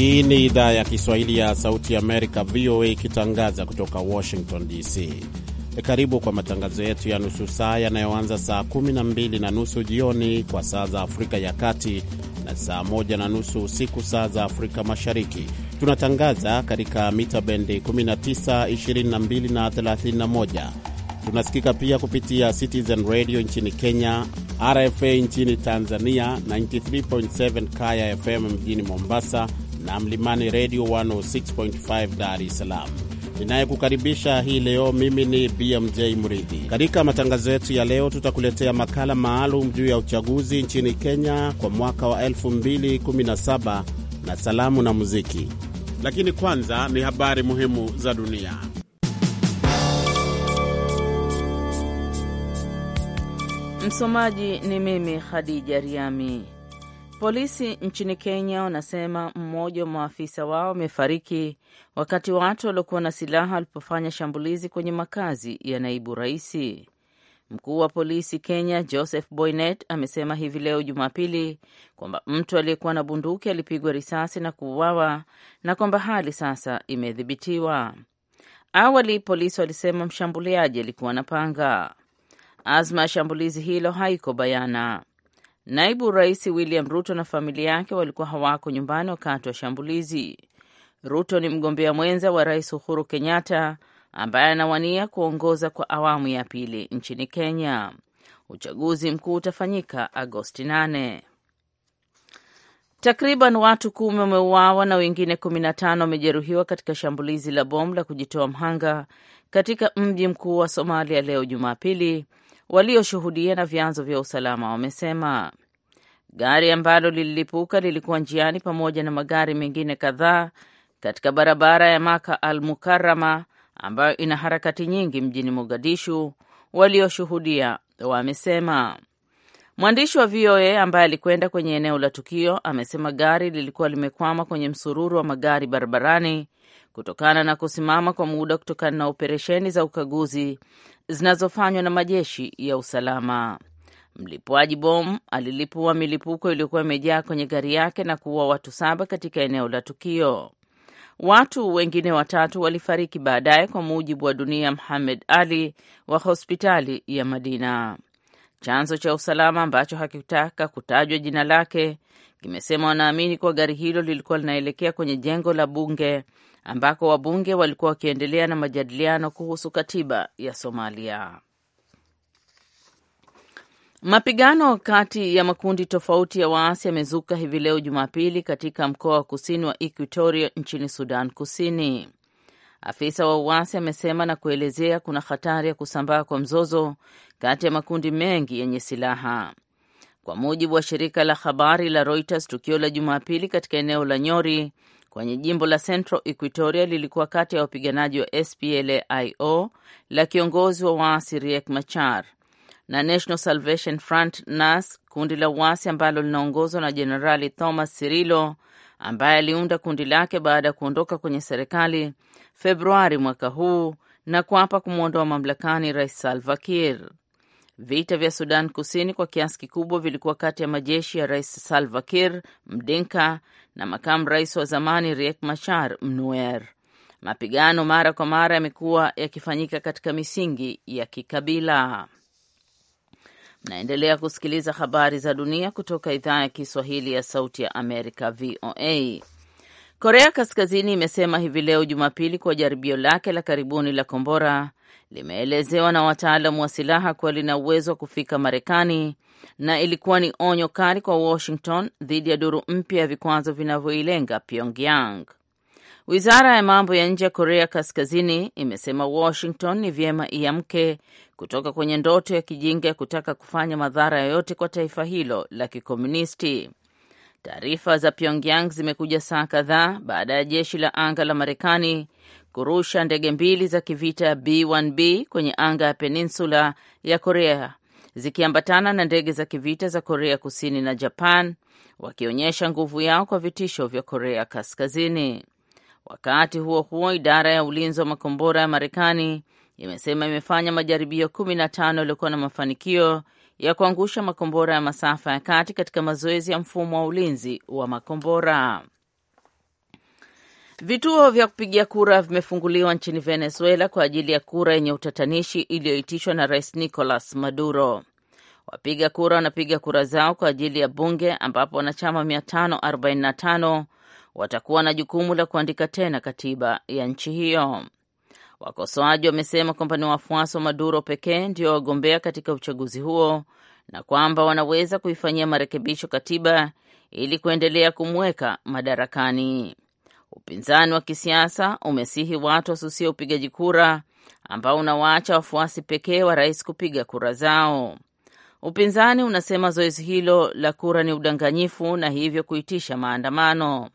Hii ni idhaa ya Kiswahili ya Sauti Amerika, VOA, ikitangaza kutoka Washington DC. E, karibu kwa matangazo yetu ya nusu saa yanayoanza saa 12 na nusu jioni kwa saa za Afrika ya Kati na saa 1 na nusu usiku saa za Afrika Mashariki. Tunatangaza katika mita bendi 19, 22 na 31. Tunasikika pia kupitia Citizen Radio nchini Kenya, RFA nchini Tanzania, 93.7 Kaya FM mjini Mombasa na Mlimani Redio 106.5 Dar es Salaam. Ninayekukaribisha hii leo mimi ni BMJ Mridhi. Katika matangazo yetu ya leo, tutakuletea makala maalum juu ya uchaguzi nchini Kenya kwa mwaka wa 2017 na salamu na muziki, lakini kwanza ni habari muhimu za dunia. Msomaji ni mimi Khadija Riami. Polisi nchini Kenya wanasema mmoja wa maafisa wao amefariki wakati watu waliokuwa na silaha walipofanya shambulizi kwenye makazi ya naibu raisi. Mkuu wa polisi Kenya Joseph Boynet amesema hivi leo Jumapili kwamba mtu aliyekuwa na bunduki alipigwa risasi na kuuawa na kwamba hali sasa imedhibitiwa. Awali polisi walisema mshambuliaji alikuwa na panga. Azma ya shambulizi hilo haiko bayana. Naibu Rais William Ruto na familia yake walikuwa hawako nyumbani wakati wa shambulizi. Ruto ni mgombea mwenza wa Rais Uhuru Kenyatta ambaye anawania kuongoza kwa awamu ya pili nchini Kenya. Uchaguzi mkuu utafanyika Agosti 8. Takriban watu kumi wameuawa na wengine 15 wamejeruhiwa katika shambulizi la bomu la kujitoa mhanga katika mji mkuu wa Somalia leo Jumapili, walioshuhudia na vyanzo vya usalama wamesema. Gari ambalo lililipuka lilikuwa njiani pamoja na magari mengine kadhaa katika barabara ya Maka al Mukarama ambayo ina harakati nyingi mjini Mogadishu, walioshuhudia wamesema. Mwandishi wa VOA ambaye alikwenda kwenye eneo la tukio amesema gari lilikuwa limekwama kwenye msururu wa magari barabarani kutokana na kusimama kwa muda kutokana na operesheni za ukaguzi zinazofanywa na majeshi ya usalama. Mlipuaji bomu alilipua milipuko iliyokuwa imejaa kwenye gari yake na kuua watu saba katika eneo la tukio. Watu wengine watatu walifariki baadaye, kwa mujibu wa Dunia mhamed Ali wa hospitali ya Madina. Chanzo cha usalama ambacho hakitaka kutajwa jina lake kimesema wanaamini kuwa gari hilo lilikuwa linaelekea kwenye jengo la bunge ambako wabunge walikuwa wakiendelea na majadiliano kuhusu katiba ya Somalia. Mapigano kati ya makundi tofauti ya waasi yamezuka hivi leo Jumapili katika mkoa wa kusini wa Equatoria nchini Sudan Kusini. Afisa wa uasi amesema na kuelezea kuna hatari ya kusambaa kwa mzozo kati ya makundi mengi yenye silaha. Kwa mujibu wa shirika la habari la Reuters, tukio la Jumapili katika eneo la Nyori kwenye jimbo la Central Equatoria lilikuwa kati ya wapiganaji wa SPLAIO la kiongozi wa waasi Riek Machar na National Salvation Front NAS, kundi la uasi ambalo linaongozwa na Jenerali Thomas Sirilo ambaye aliunda kundi lake baada ya kuondoka kwenye serikali Februari mwaka huu na kuapa kumwondoa mamlakani Rais Salva Kiir. Vita vya Sudan Kusini kwa kiasi kikubwa vilikuwa kati ya majeshi ya Rais Salva Kiir Mdinka na makamu rais wa zamani Riek Machar Mnuer. Mapigano mara kwa mara yamekuwa yakifanyika katika misingi ya kikabila. Mnaendelea kusikiliza habari za dunia kutoka idhaa ya Kiswahili ya Sauti ya Amerika, VOA. Korea Kaskazini imesema hivi leo Jumapili kuwa jaribio lake la karibuni la kombora limeelezewa na wataalamu wa silaha kuwa lina uwezo wa kufika Marekani na ilikuwa ni onyo kali kwa Washington dhidi ya duru mpya ya vikwazo vinavyoilenga Pyongyang. Wizara ya mambo ya nje ya Korea Kaskazini imesema Washington ni vyema iamke kutoka kwenye ndoto ya kijinga ya kutaka kufanya madhara yoyote kwa taifa hilo la kikomunisti. Taarifa za Pyongyang zimekuja saa kadhaa baada ya jeshi la anga la Marekani kurusha ndege mbili za kivita B1B kwenye anga ya peninsula ya Korea zikiambatana na ndege za kivita za Korea Kusini na Japan, wakionyesha nguvu yao kwa vitisho vya Korea Kaskazini. Wakati huo huo, idara ya ulinzi wa makombora ya Marekani imesema imefanya majaribio tano yaliyokuwa na mafanikio ya kuangusha makombora ya masafa ya kati katika mazoezi ya mfumo wa ulinzi wa makombora. Vituo vya kupigia kura vimefunguliwa nchini Venezuela kwa ajili ya kura yenye utatanishi iliyoitishwa na Rais Nicolas Maduro. Wapiga kura wanapiga kura zao kwa ajili ya bunge ambapo wanachama 545 watakuwa na jukumu la kuandika tena katiba ya nchi hiyo. Wakosoaji wamesema kwamba ni wafuasi wa Maduro pekee ndio wagombea katika uchaguzi huo na kwamba wanaweza kuifanyia marekebisho katiba ili kuendelea kumweka madarakani. Upinzani wa kisiasa umesihi watu wasusie upigaji kura ambao unawaacha wafuasi pekee wa rais kupiga kura zao. Upinzani unasema zoezi hilo la kura ni udanganyifu na hivyo kuitisha maandamano.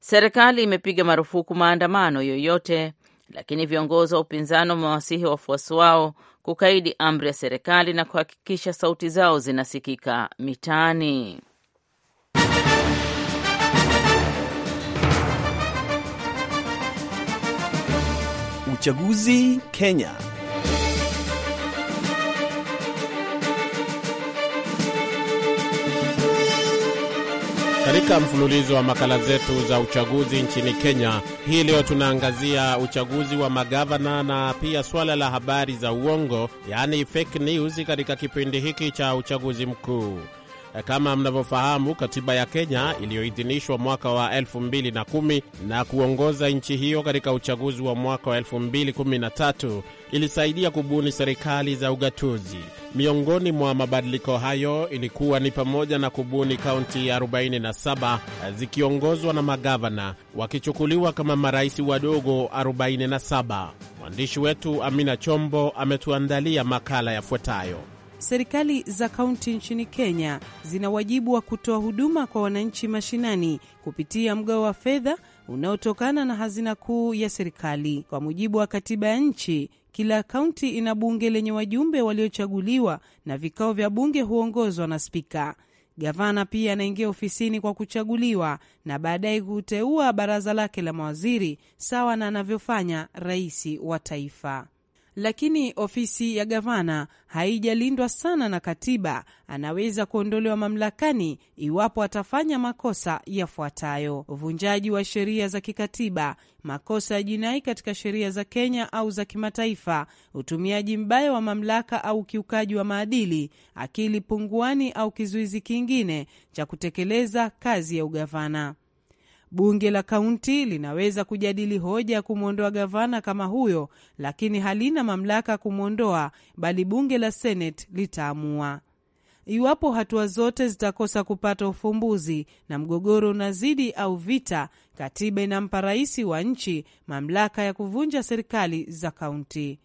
Serikali imepiga marufuku maandamano yoyote lakini viongozi wa upinzani wamewasihi wafuasi wao kukaidi amri ya serikali na kuhakikisha sauti zao zinasikika mitaani. Uchaguzi Kenya. Katika mfululizo wa makala zetu za uchaguzi nchini Kenya, hii leo tunaangazia uchaguzi wa magavana na pia suala la habari za uongo, yaani fake news, katika kipindi hiki cha uchaguzi mkuu. Eh, kama mnavyofahamu, katiba ya Kenya iliyoidhinishwa mwaka wa 2010 na kuongoza nchi hiyo katika uchaguzi wa mwaka wa 2013 ilisaidia kubuni serikali za ugatuzi. Miongoni mwa mabadiliko hayo ilikuwa ni pamoja na kubuni kaunti 47 eh, zikiongozwa na magavana wakichukuliwa kama marais wadogo 47. Mwandishi wetu Amina Chombo ametuandalia makala yafuatayo serikali za kaunti nchini Kenya zina wajibu wa kutoa huduma kwa wananchi mashinani kupitia mgao wa fedha unaotokana na hazina kuu ya serikali. Kwa mujibu wa katiba ya nchi, kila kaunti ina bunge lenye wajumbe waliochaguliwa na vikao vya bunge huongozwa na spika. Gavana pia anaingia ofisini kwa kuchaguliwa na baadaye kuteua baraza lake la mawaziri sawa na anavyofanya rais wa taifa lakini ofisi ya gavana haijalindwa sana na katiba. Anaweza kuondolewa mamlakani iwapo atafanya makosa yafuatayo: uvunjaji wa sheria za kikatiba, makosa ya jinai katika sheria za Kenya au za kimataifa, utumiaji mbaya wa mamlaka au ukiukaji wa maadili, akili punguani au kizuizi kingine cha kutekeleza kazi ya ugavana. Bunge la kaunti linaweza kujadili hoja ya kumwondoa gavana kama huyo, lakini halina mamlaka ya kumwondoa, bali bunge la seneti litaamua. Iwapo hatua zote zitakosa kupata ufumbuzi na mgogoro unazidi au vita, katiba inampa rais wa nchi mamlaka ya kuvunja serikali za kaunti.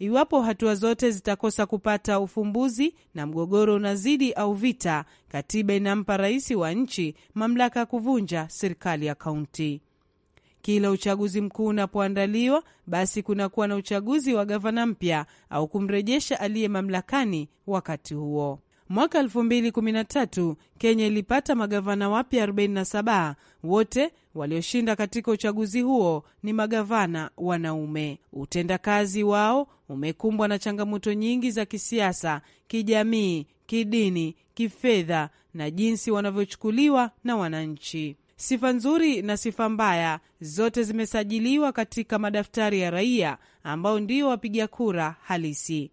Iwapo hatua zote zitakosa kupata ufumbuzi na mgogoro unazidi au vita, katiba inampa rais wa nchi mamlaka ya kuvunja serikali ya kaunti. Kila uchaguzi mkuu unapoandaliwa, basi kunakuwa na uchaguzi wa gavana mpya au kumrejesha aliye mamlakani wakati huo. Mwaka 2013 Kenya ilipata magavana wapya 47. Wote walioshinda katika uchaguzi huo ni magavana wanaume. Utendakazi wao umekumbwa na changamoto nyingi za kisiasa, kijamii, kidini, kifedha na jinsi wanavyochukuliwa na wananchi. Sifa nzuri na sifa mbaya zote zimesajiliwa katika madaftari ya raia ambao ndio wapiga kura halisi.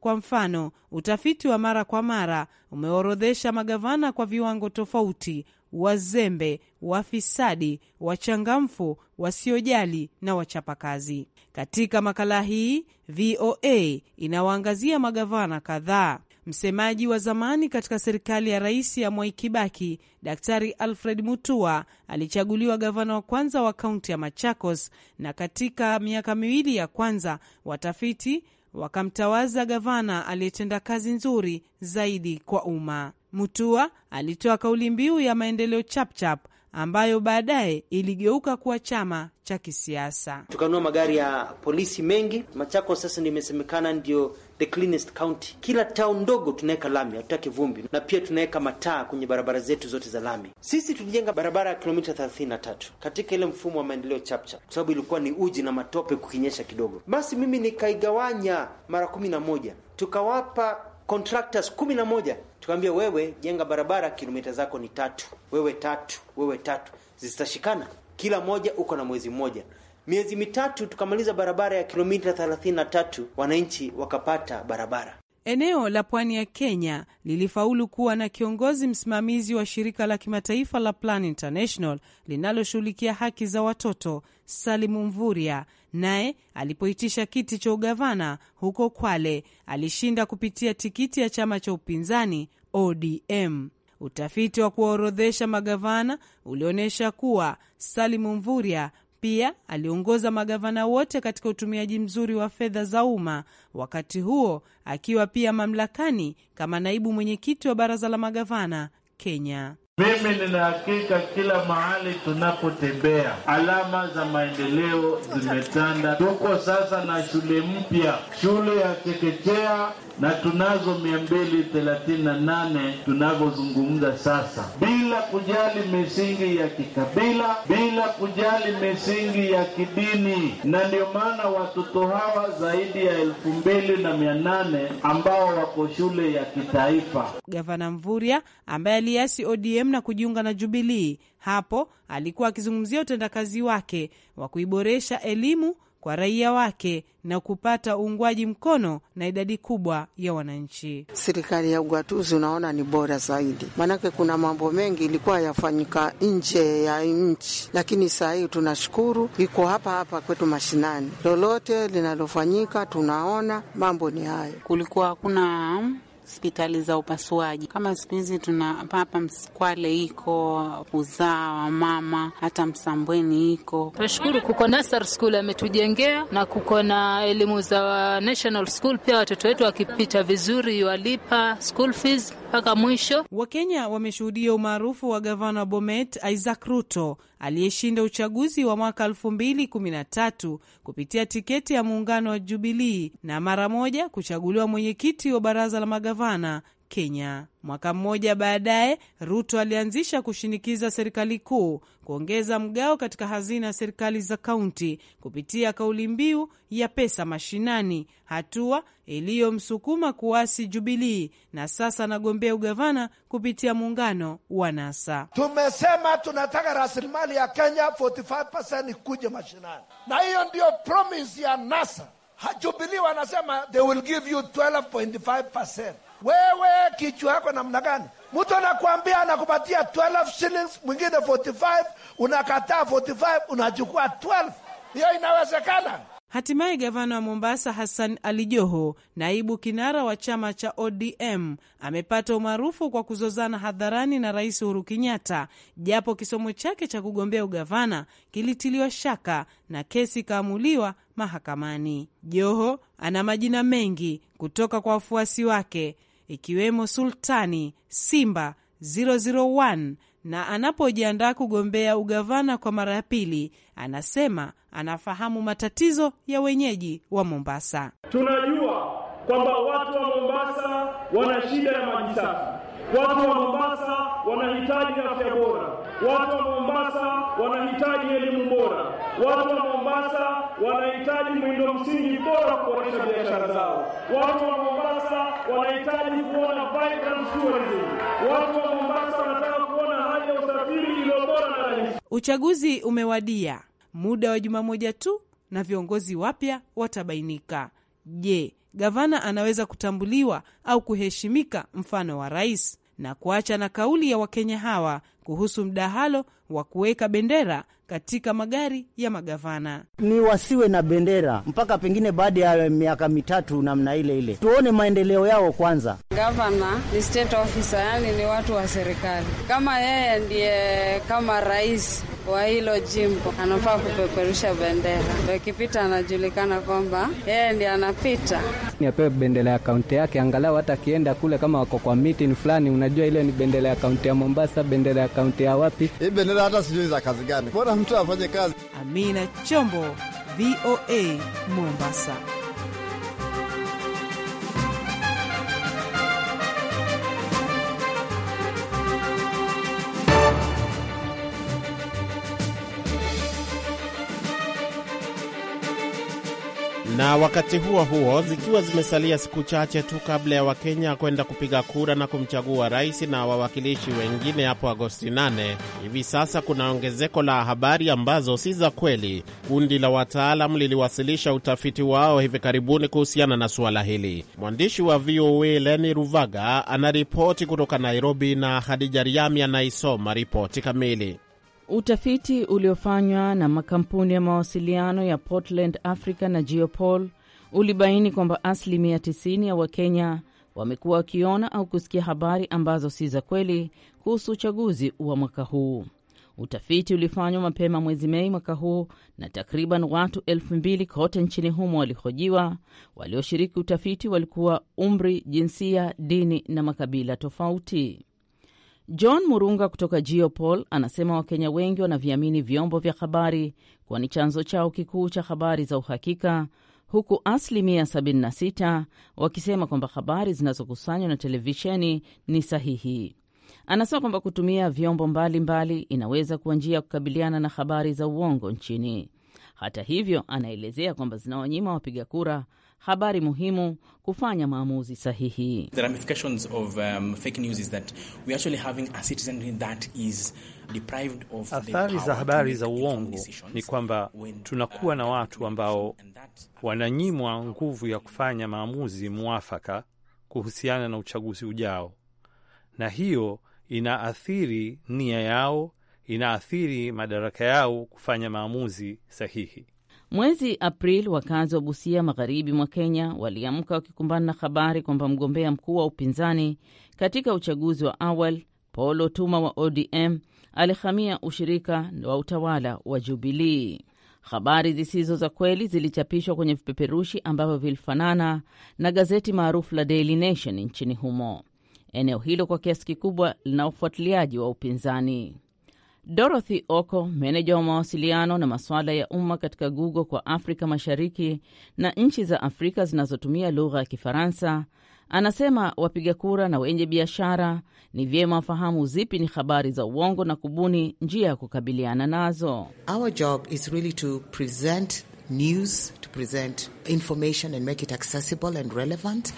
Kwa mfano, utafiti wa mara kwa mara umeorodhesha magavana kwa viwango tofauti: wazembe, wafisadi, wachangamfu, wasiojali na wachapakazi. Katika makala hii VOA inawaangazia magavana kadhaa. Msemaji wa zamani katika serikali ya Rais ya Mwai Kibaki, Daktari Alfred Mutua alichaguliwa gavana wa kwanza wa kaunti ya Machakos, na katika miaka miwili ya kwanza watafiti wakamtawaza gavana aliyetenda kazi nzuri zaidi kwa umma. Mutua alitoa kauli mbiu ya maendeleo chapchap ambayo baadaye iligeuka kuwa chama cha kisiasa. tukanua magari ya polisi mengi. machako sasa nimesemekana ndio the cleanest county. Kila town ndogo tunaweka lami, hatutaki vumbi, na pia tunaweka mataa kwenye barabara zetu zote za lami. Sisi tulijenga barabara ya kilomita 33 katika ile mfumo wa maendeleo chapcha, kwa sababu ilikuwa ni uji na matope kukinyesha kidogo. Basi mimi nikaigawanya mara kumi na moja, tukawapa contractors kumi na moja tukaambia wewe jenga barabara kilomita zako ni tatu, wewe tatu, wewe tatu, zitashikana kila moja uko na mwezi mmoja miezi mitatu tukamaliza barabara ya kilomita 33, wananchi wakapata barabara. Eneo la pwani ya Kenya lilifaulu kuwa na kiongozi msimamizi wa shirika la kimataifa la Plan International linaloshughulikia haki za watoto, Salimu Mvuria Naye alipoitisha kiti cha ugavana huko Kwale alishinda kupitia tikiti ya chama cha upinzani ODM. Utafiti wa kuwaorodhesha magavana ulionyesha kuwa Salimu Mvurya pia aliongoza magavana wote katika utumiaji mzuri wa fedha za umma, wakati huo akiwa pia mamlakani kama naibu mwenyekiti wa baraza la magavana Kenya. Mimi nina hakika kila mahali tunapotembea, alama za maendeleo zimetanda. Tuko sasa na shule mpya, shule ya chekechea, na tunazo mia mbili thelathini na nane tunavyozungumza sasa, bila kujali misingi ya kikabila, bila kujali misingi ya kidini. Na ndio maana watoto hawa zaidi ya elfu mbili na mia nane ambao wako shule ya kitaifa. Gavana Mvurya ambaye aliasi ODM CCM na kujiunga na Jubilii. Hapo alikuwa akizungumzia utendakazi wake wa kuiboresha elimu kwa raia wake na kupata uungwaji mkono na idadi kubwa ya wananchi. Serikali ya ugatuzi unaona ni bora zaidi, maanake kuna mambo mengi ilikuwa yafanyika nje ya nchi, lakini saa hii tunashukuru iko hapa hapa kwetu mashinani. Lolote linalofanyika tunaona mambo ni hayo. Kulikuwa hakuna hospitali za upasuaji. Kama siku hizi tuna hapa Mskwale iko uzaa wa mama, hata Msambweni iko. Tunashukuru kuko nasar school ametujengea na kuko na elimu za national school pia, watoto wetu wakipita vizuri walipa school fees mpaka mwisho. Wakenya wameshuhudia umaarufu wa gavana wa Bomet Isaac Ruto aliyeshinda uchaguzi wa mwaka tatu kupitia tiketi ya muungano wa Jubilii na mara moja kuchaguliwa mwenyekiti wa baraza la magavana Kenya. Mwaka mmoja baadaye, Ruto alianzisha kushinikiza serikali kuu kuongeza mgao katika hazina ya serikali za kaunti kupitia kauli mbiu ya pesa mashinani, hatua iliyomsukuma kuasi Jubilii na sasa anagombea ugavana kupitia muungano wa NASA. Tumesema tunataka rasilimali ya Kenya 45% ikuje mashinani, na hiyo ndiyo promise ya NASA. Hajubilii wanasema they will give you 12.5% wewe kichwa yako namna gani? Mtu anakuambia anakupatia 12 shillings, mwingine 45, unakataa 45, unachukua 12. Hiyo inawezekana? Hatimaye gavana wa Mombasa Hassan Ali Joho, naibu kinara wa chama cha ODM, amepata umaarufu kwa kuzozana hadharani na Rais Uhuru Kenyatta, japo kisomo chake cha kugombea ugavana kilitiliwa shaka na kesi ikaamuliwa mahakamani. Joho ana majina mengi kutoka kwa wafuasi wake ikiwemo Sultani, Simba 001 na anapojiandaa kugombea ugavana kwa mara ya pili, anasema anafahamu matatizo ya wenyeji wa Mombasa. Tunajua kwamba watu wa Mombasa wana shida ya maji safi, watu wa Mombasa wanahitaji afya bora Watu wa Mombasa wanahitaji elimu bora, watu wa Mombasa wanahitaji miundo msingi bora kuboresha biashara zao, watu wa Mombasa wanahitaji kuona vibrant tourism, watu wa Mombasa wanataka kuona hali ya usafiri iliyo bora na rahisi. Uchaguzi umewadia, muda wa juma moja tu na viongozi wapya watabainika. Je, gavana anaweza kutambuliwa au kuheshimika mfano wa rais na kuacha na kauli ya Wakenya hawa kuhusu mdahalo wa kuweka bendera katika magari ya magavana. Ni wasiwe na bendera mpaka pengine baada ya miaka mitatu namna ile ile, tuone maendeleo yao kwanza. Gavana ni state officer, yani ni watu wa serikali. Kama yeye ndiye kama rais wa hilo jimbo, anafaa kupeperusha bendera, akipita anajulikana kwamba yeye ndiye anapita. Ni apewe bendera ya kaunti yake, angalau hata akienda kule, kama wako kwa meeting fulani, unajua ile ni bendera ya kaunti ya Mombasa, bendera ya kaunti ya wapi? Ibenera hata sijui za kazi gani, mbona mtu afanye kazi. Amina Chombo, VOA, Mombasa. Na wakati huo huo, zikiwa zimesalia siku chache tu kabla ya Wakenya kwenda kupiga kura na kumchagua rais na wawakilishi wengine hapo Agosti 8, hivi sasa kuna ongezeko la habari ambazo si za kweli. Kundi la wataalam liliwasilisha utafiti wao hivi karibuni kuhusiana na suala hili. Mwandishi wa VOA Leni Ruvaga anaripoti kutoka Nairobi na Hadija Riami anaisoma ripoti kamili. Utafiti uliofanywa na makampuni ya mawasiliano ya Portland Africa na Geopol ulibaini kwamba asilimia 90 ya Wakenya wamekuwa wakiona au kusikia habari ambazo si za kweli kuhusu uchaguzi wa mwaka huu. Utafiti ulifanywa mapema mwezi Mei mwaka huu na takriban watu elfu mbili kote nchini humo walihojiwa. Walioshiriki utafiti walikuwa umri, jinsia, dini na makabila tofauti. John Murunga kutoka Geopol anasema Wakenya wengi wanaviamini vyombo vya habari kuwa ni chanzo chao kikuu cha habari za uhakika, huku asilimia 76 wakisema kwamba habari zinazokusanywa na televisheni ni sahihi. Anasema kwamba kutumia vyombo mbalimbali mbali inaweza kuwa njia ya kukabiliana na habari za uongo nchini. Hata hivyo, anaelezea kwamba zinawanyima wapiga kura habari muhimu, kufanya maamuzi sahihi. Athari za habari za uongo ni kwamba tunakuwa uh, na watu ambao wananyimwa nguvu ya kufanya maamuzi mwafaka kuhusiana na uchaguzi ujao, na hiyo inaathiri nia yao, inaathiri madaraka yao kufanya maamuzi sahihi. Mwezi Aprili, wakazi wa Busia, magharibi mwa Kenya, waliamka wakikumbana na habari kwamba mgombea mkuu wa upinzani katika uchaguzi wa awali Paul Otuma wa ODM alihamia ushirika wa utawala wa Jubilii. Habari zisizo za kweli zilichapishwa kwenye vipeperushi ambavyo vilifanana na gazeti maarufu la Daily Nation nchini humo. Eneo hilo kwa kiasi kikubwa lina ufuatiliaji wa upinzani. Dorothy Oko, meneja wa mawasiliano na masuala ya umma katika Google kwa Afrika Mashariki na nchi za Afrika zinazotumia lugha ya Kifaransa, anasema wapiga kura na wenye biashara ni vyema wafahamu zipi ni habari za uongo na kubuni njia ya kukabiliana nazo. Our job is really to present news, to present information and make it accessible and relevant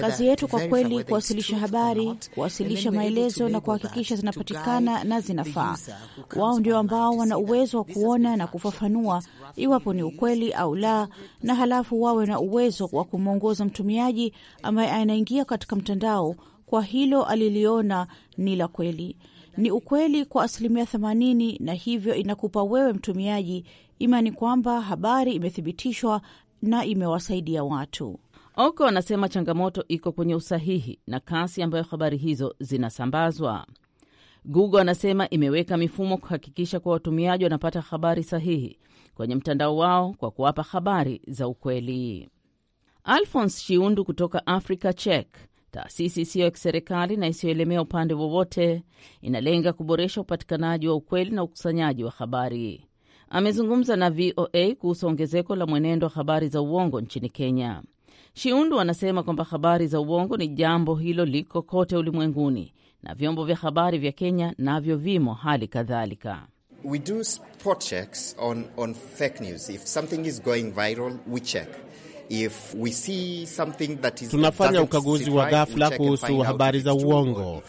kazi yetu kwa kweli kuwasilisha habari, kuwasilisha maelezo na kuhakikisha zinapatikana na zinafaa. Wao ndio ambao wana uwezo wa kuona na kufafanua iwapo ni ukweli au la, na halafu wawe na uwezo wa kumwongoza mtumiaji ambaye anaingia katika mtandao kwa hilo aliliona ni la kweli, ni ukweli kwa asilimia themanini, na hivyo inakupa wewe mtumiaji imani kwamba habari imethibitishwa na imewasaidia watu. Oko anasema changamoto iko kwenye usahihi na kasi ambayo habari hizo zinasambazwa. Google anasema imeweka mifumo kuhakikisha kuwa watumiaji wanapata habari sahihi kwenye mtandao wao kwa kuwapa habari za ukweli. Alphonse Shiundu kutoka Africa Check, taasisi isiyo ya kiserikali na isiyoelemea upande wowote, inalenga kuboresha upatikanaji wa ukweli na ukusanyaji wa habari amezungumza na VOA kuhusu ongezeko la mwenendo wa habari za uongo nchini Kenya. Shiundu anasema kwamba habari za uongo ni jambo hilo liko kote ulimwenguni na vyombo vya habari vya Kenya navyo vimo hali kadhalika. We do spot checks on, on fake news. If something is going viral, we check. If we see something that is tunafanya ukaguzi wa ghafla kuhusu habari za uongo.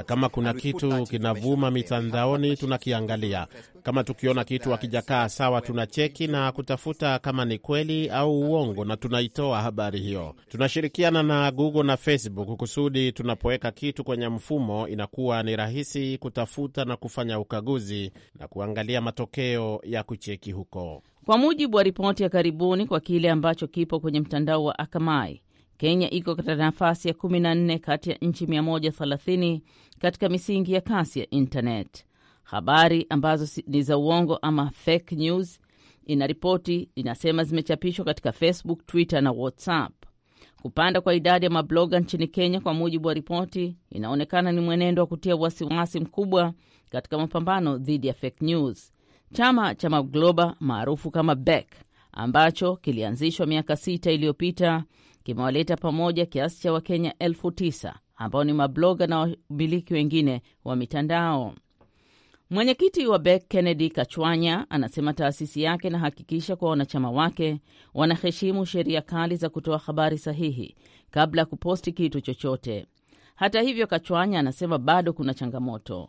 Eh, kama kuna kitu kinavuma mitandaoni, tunakiangalia. Kama tukiona kitu hakijakaa sawa, tunacheki na kutafuta kama ni kweli au uongo, na tunaitoa habari hiyo. Tunashirikiana na Google na Facebook kusudi tunapoweka kitu kwenye mfumo inakuwa ni rahisi kutafuta na kufanya ukaguzi na kuangalia matokeo ya kucheki huko. Kwa mujibu wa ripoti ya karibuni kwa kile ambacho kipo kwenye mtandao wa Akamai, Kenya iko katika nafasi ya 14 kati ya nchi 130 katika misingi ya kasi ya internet. Habari ambazo ni za uongo ama fake news inaripoti inasema zimechapishwa katika Facebook, Twitter na WhatsApp. Kupanda kwa idadi ya mabloga nchini Kenya, kwa mujibu wa ripoti, inaonekana ni mwenendo wa kutia wasiwasi mkubwa katika mapambano dhidi ya fake news. Chama cha magloba maarufu kama BEK ambacho kilianzishwa miaka sita iliyopita kimewaleta pamoja kiasi cha Wakenya elfu tisa ambao ni mabloga na wamiliki wengine wa mitandao. Mwenyekiti wa BEK Kennedy Kachwanya anasema taasisi yake inahakikisha kuwa wanachama wake wanaheshimu sheria kali za kutoa habari sahihi kabla ya kuposti kitu chochote. Hata hivyo, Kachwanya anasema bado kuna changamoto.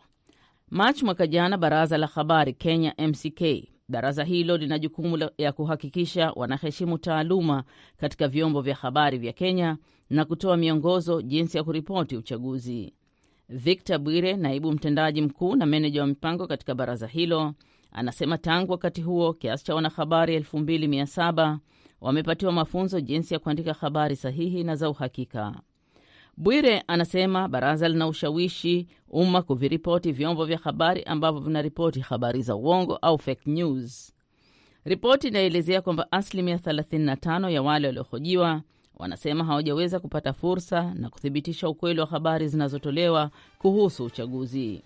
Machi mwaka jana, baraza la habari Kenya MCK Baraza hilo lina jukumu ya kuhakikisha wanaheshimu taaluma katika vyombo vya habari vya Kenya na kutoa miongozo jinsi ya kuripoti uchaguzi. Victor Bwire, naibu mtendaji mkuu na meneja wa mipango katika baraza hilo, anasema tangu wakati huo kiasi cha wanahabari 2700 wamepatiwa mafunzo jinsi ya kuandika habari sahihi na za uhakika. Bwire anasema baraza lina ushawishi umma kuviripoti vyombo vya habari ambavyo vinaripoti habari za uongo au fake news. Ripoti inaelezea kwamba asilimia 35 ya wale waliohojiwa wanasema hawajaweza kupata fursa na kuthibitisha ukweli wa habari zinazotolewa kuhusu uchaguzi.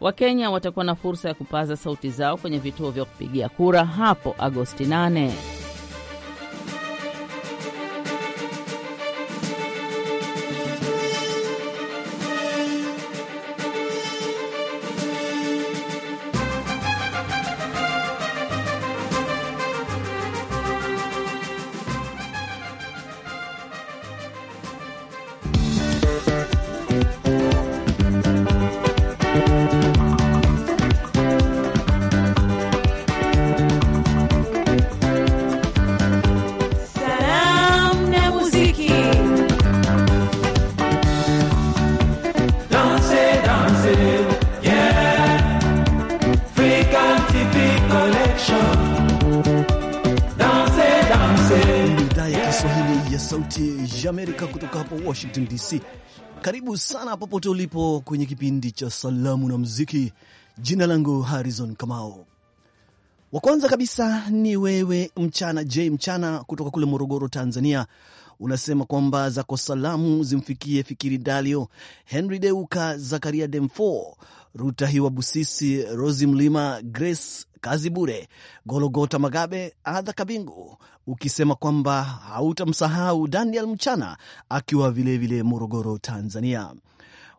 Wakenya watakuwa na fursa ya kupaza sauti zao kwenye vituo vya kupigia kura hapo Agosti 8. Sauti ya Amerika kutoka hapa Washington DC. Karibu sana popote ulipo kwenye kipindi cha Salamu na Muziki. Jina langu Harrison Kamao. Wa kwanza kabisa ni wewe Mchana J Mchana kutoka kule Morogoro, Tanzania. Unasema kwamba zako salamu zimfikie Fikiri Dalio, Henry Deuka, Zakaria Demfo, Ruta Hiwa Busisi, Rosi Mlima, Grace Kazi Bure, Gologota Magabe, Adha Kabingu, ukisema kwamba hautamsahau Daniel Mchana akiwa vilevile vile Morogoro, Tanzania.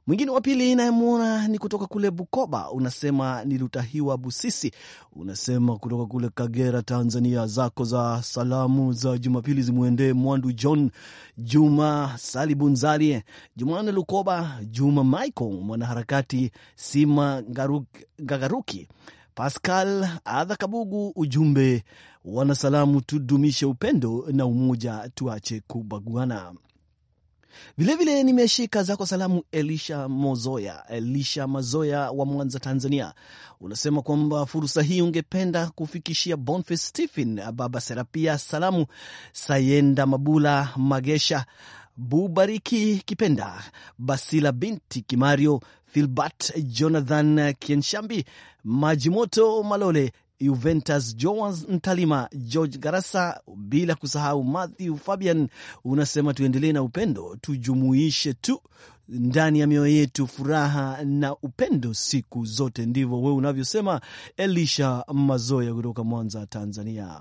Mwingine wa pili inayemwona ni kutoka kule Bukoba, unasema ni Lutahiwa Busisi, unasema kutoka kule Kagera, Tanzania. Zako za salamu za Jumapili zimwendee Mwandu John Juma, Salibunzali Jumane Lukoba, Juma Michael mwanaharakati, Sima Gagaruki, Pascal Adha Kabugu. Ujumbe wanasalamu, tudumishe upendo na umoja, tuache kubaguana. Vilevile nimeshika zako salamu. Elisha Mozoya, Elisha Mazoya wa Mwanza, Tanzania, unasema kwamba fursa hii ungependa kufikishia bonfe Stephen, Baba Serapia, salamu Sayenda Mabula, Magesha Bubariki, Kipenda Basila, binti Kimario, Filbert Jonathan Kienshambi, Majimoto Malole, Juventus Joas Ntalima, George Garasa, bila kusahau Matthew Fabian. Unasema tuendelee na upendo, tujumuishe tu ndani ya mioyo yetu furaha na upendo siku zote. Ndivyo wewe unavyosema, Elisha Mazoya kutoka Mwanza, Tanzania.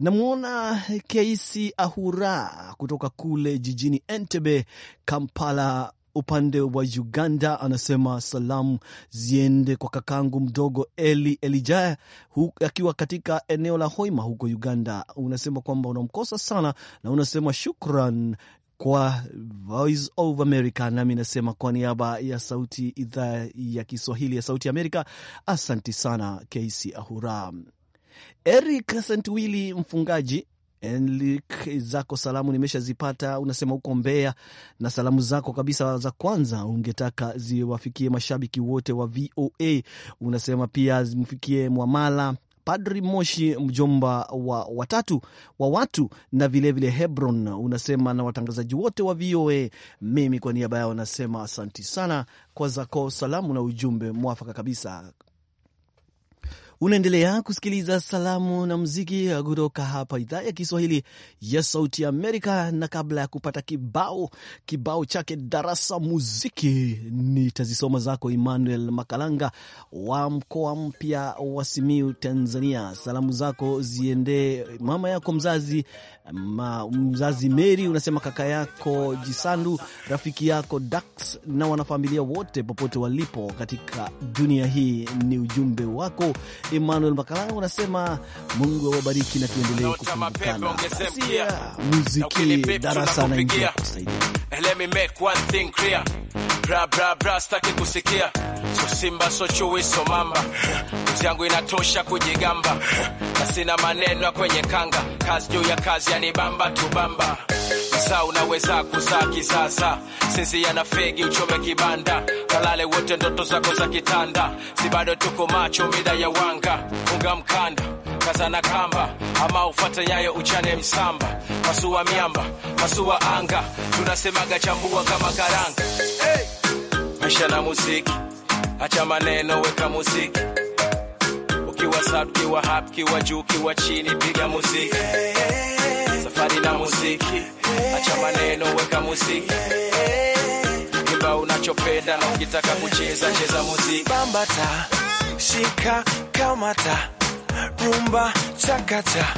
Namwona Keisi Ahura kutoka kule jijini Entebbe, Kampala, upande wa Uganda, anasema salamu ziende kwa kakangu mdogo Eli Elijah akiwa katika eneo la Hoima huko Uganda. Unasema kwamba unamkosa sana na unasema shukran kwa Voice of America. Nami nasema kwa niaba ya sauti idhaa ya Kiswahili ya Sauti Amerika, asanti sana KC Ahura. Eric Sentwili mfungaji Enlik, zako salamu nimeshazipata. Unasema huko Mbeya na salamu zako kabisa za kwanza ungetaka ziwafikie mashabiki wote wa VOA. Unasema pia zimfikie Mwamala Padri Moshi, mjomba wa watatu wa watu na vilevile vile Hebron. Unasema na watangazaji wote wa VOA, mimi kwa niaba yao nasema asanti sana kwa zako salamu na ujumbe mwafaka kabisa. Unaendelea kusikiliza salamu na muziki kutoka hapa idhaa ya Kiswahili ya Sauti ya Amerika, na kabla ya kupata kibao kibao chake darasa muziki, nitazisoma zako Emmanuel Makalanga wa mkoa mpya wa Simiu, Tanzania. Salamu zako ziendee mama yako mzazi ma, mzazi Meri, unasema kaka yako Jisandu, rafiki yako Dax na wanafamilia wote popote walipo katika dunia hii. Ni ujumbe wako Emmanuel Makalala unasema Mungu awabariki na tuendelee kukumbukana. Uh, muziki darasa na ingia kusaidia. Let me make one thing clear. Bra bra bra staki kusikia. So simba so chui so mamba. Kazi yangu inatosha kujigamba. Na sina maneno kwenye kanga. Kazi juu ya kazi yanibamba tubamba. Saa unaweza kusaki sasa, sinzia na fegi, uchome kibanda, kalale wote ndoto zako za kitanda. Si bado tuko macho, mida ya wanga, unga mkanda, kazana kamba, ama ufata nyayo, uchane msamba, pasua miamba, pasua anga, tunasemaga chambua kama karanga. Hey! na muziki, acha maneno, weka muziki ukiwa sub, kiwa hap, kiwa juu, kiwa chini, piga muziki hey, hey, hey safari na muziki, acha maneno, weka muziki, imba unachopenda, na ukitaka kucheza cheza muziki, bambata, shika, kamata, rumba, chakata,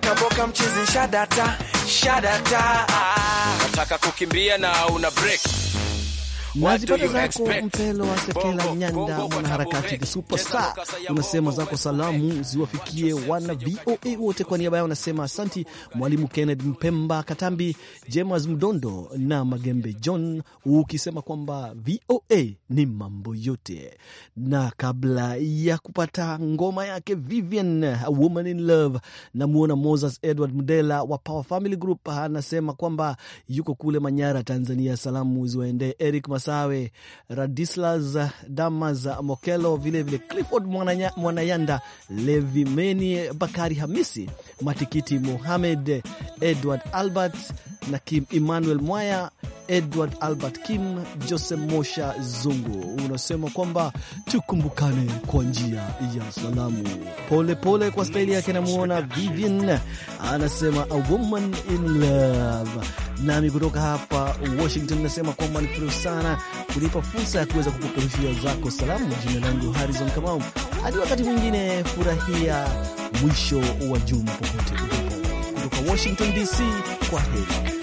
kaboka, mchizi, shadata, shadata, nataka kukimbia na una break na zipata zako Mpelo wa Sekela Nyanda, mwanaharakati the superstar, unasema zako salamu ziwafikie wana VOA wote. Kwa niaba yao unasema asanti Mwalimu Kenneth Mpemba Katambi, James Mdondo na Magembe John, ukisema kwamba VOA ni mambo yote. Na kabla ya kupata ngoma yake Vivian, A Woman in Love, namwona Moses Edward Mdela wa Power Family Group anasema kwamba yuko kule Manyara, Tanzania. Salamu ziwaendee Eric Masawe, Radislas Damas Mokelo, vilevile Clifford Mwananya, Mwanayanda, Meni, Bakari Hamisi, Matikiti Muhamed, Edward Albert na Kim Emmanuel Mwaya, Edward Albert Kim, Joseph Mosha Zungu. Unasema kwamba tukumbukane kwa njia ya salamu. Pole pole kwa staili yake, namuona Vivian anasema a woman in love. Nami kutoka hapa Washington nasema kwamba nifurahi sana kunipa fursa ya kuweza kupeperushia zako salamu. Jina langu Harrison Kamau, hadi wakati mwingine, furahia mwisho wa juma popote kutoka Washington DC. Kwa heri.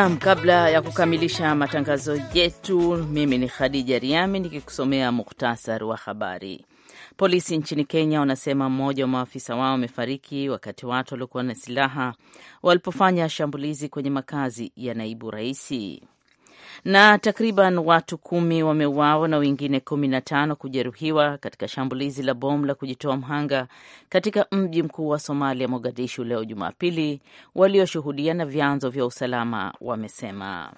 Naam, kabla ya kukamilisha matangazo yetu, mimi ni Khadija Riami nikikusomea muhtasari wa habari. Polisi nchini Kenya wanasema mmoja wa maafisa wao wamefariki wakati watu waliokuwa na silaha walipofanya shambulizi kwenye makazi ya naibu raisi na takriban watu kumi wameuawa na wengine kumi na tano kujeruhiwa katika shambulizi la bomu la kujitoa mhanga katika mji mkuu wa Somalia, Mogadishu, leo Jumapili, walioshuhudia na vyanzo vya usalama wamesema.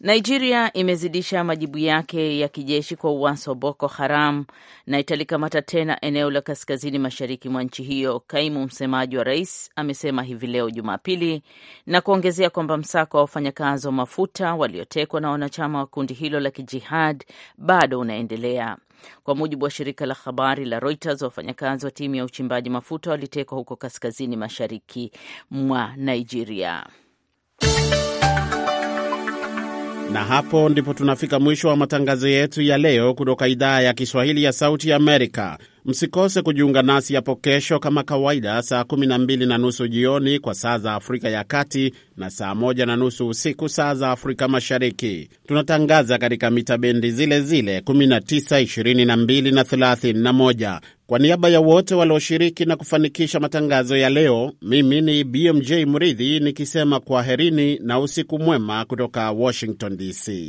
Nigeria imezidisha majibu yake ya kijeshi kwa uasi wa Boko Haram na italikamata tena eneo la kaskazini mashariki mwa nchi hiyo, kaimu msemaji wa rais amesema hivi leo Jumapili, na kuongezea kwamba msako wa wafanyakazi wa mafuta waliotekwa na wanachama wa kundi hilo la kijihad bado unaendelea. Kwa mujibu wa shirika la habari la Reuters, wafanyakazi wa timu ya uchimbaji mafuta walitekwa huko kaskazini mashariki mwa Nigeria. Na hapo ndipo tunafika mwisho wa matangazo yetu ya leo kutoka idhaa ya Kiswahili ya Sauti ya Amerika. Msikose kujiunga nasi hapo kesho kama kawaida, saa 12 na nusu jioni kwa saa za Afrika ya Kati na saa 1 na nusu usiku saa za Afrika Mashariki. Tunatangaza katika mita bendi zile zile 19, 22 na 31. Kwa niaba ya wote walioshiriki na kufanikisha matangazo ya leo, mimi ni BMJ Mridhi nikisema kwaherini na usiku mwema kutoka Washington DC.